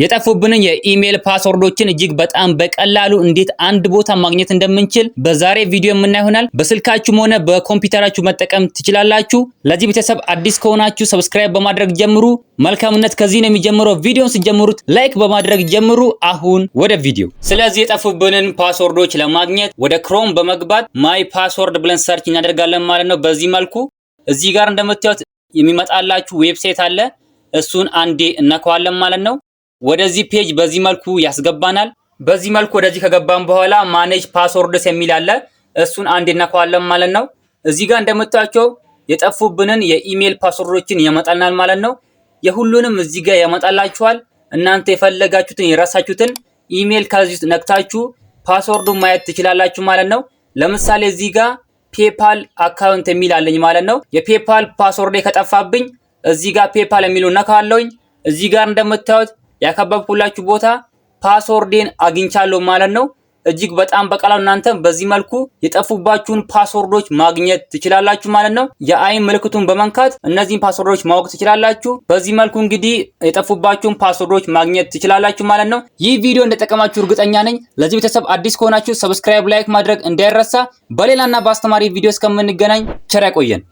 የጠፉብንን የኢሜል ፓስወርዶችን እጅግ በጣም በቀላሉ እንዴት አንድ ቦታ ማግኘት እንደምንችል በዛሬ ቪዲዮ የምናይ ይሆናል። በስልካችሁም ሆነ በኮምፒውተራችሁ መጠቀም ትችላላችሁ። ለዚህ ቤተሰብ አዲስ ከሆናችሁ ሰብስክራይብ በማድረግ ጀምሩ። መልካምነት ከዚህ ነው የሚጀምረው። ቪዲዮን ስጀምሩት ላይክ በማድረግ ጀምሩ። አሁን ወደ ቪዲዮ። ስለዚህ የጠፉብንን ፓስወርዶች ለማግኘት ወደ ክሮም በመግባት ማይ ፓስወርድ ብለን ሰርች እናደርጋለን ማለት ነው። በዚህ መልኩ እዚህ ጋር እንደምታዩት የሚመጣላችሁ ዌብሳይት አለ። እሱን አንዴ እናከዋለን ማለት ነው። ወደዚህ ፔጅ በዚህ መልኩ ያስገባናል። በዚህ መልኩ ወደዚህ ከገባን በኋላ ማኔጅ ፓስወርድስ የሚል አለ። እሱን አንድ እናከዋለን ማለት ነው። እዚህ ጋር እንደምታቸው የጠፉብንን የኢሜል ፓስወርዶችን ያመጣልናል ማለት ነው። የሁሉንም እዚህ ጋር ያመጣላችኋል። እናንተ የፈለጋችሁትን የራሳችሁትን ኢሜል ከዚህ ውስጥ ነክታችሁ ፓስወርዱን ማየት ትችላላችሁ ማለት ነው። ለምሳሌ እዚህ ጋር ፔፓል አካውንት የሚል አለኝ ማለት ነው። የፔፓል ፓስወርዴ ከጠፋብኝ እዚህ ጋር ፔፓል የሚሉ ነካለውኝ። እዚህ ጋር እንደምታዩት ያከበብኩላችሁ ቦታ ፓስወርዴን አግኝቻለሁ ማለት ነው። እጅግ በጣም በቀላሉ እናንተ በዚህ መልኩ የጠፉባችሁን ፓስወርዶች ማግኘት ትችላላችሁ ማለት ነው። የአይን ምልክቱን በመንካት እነዚህን ፓስወርዶች ማወቅ ትችላላችሁ። በዚህ መልኩ እንግዲህ የጠፉባችሁን ፓስወርዶች ማግኘት ትችላላችሁ ማለት ነው። ይህ ቪዲዮ እንደጠቀማችሁ እርግጠኛ ነኝ። ለዚህ ቤተሰብ አዲስ ከሆናችሁ ሰብስክራይብ፣ ላይክ ማድረግ እንዳይረሳ። በሌላና በአስተማሪ ቪዲዮ እስከምንገናኝ ቸር ያቆየን።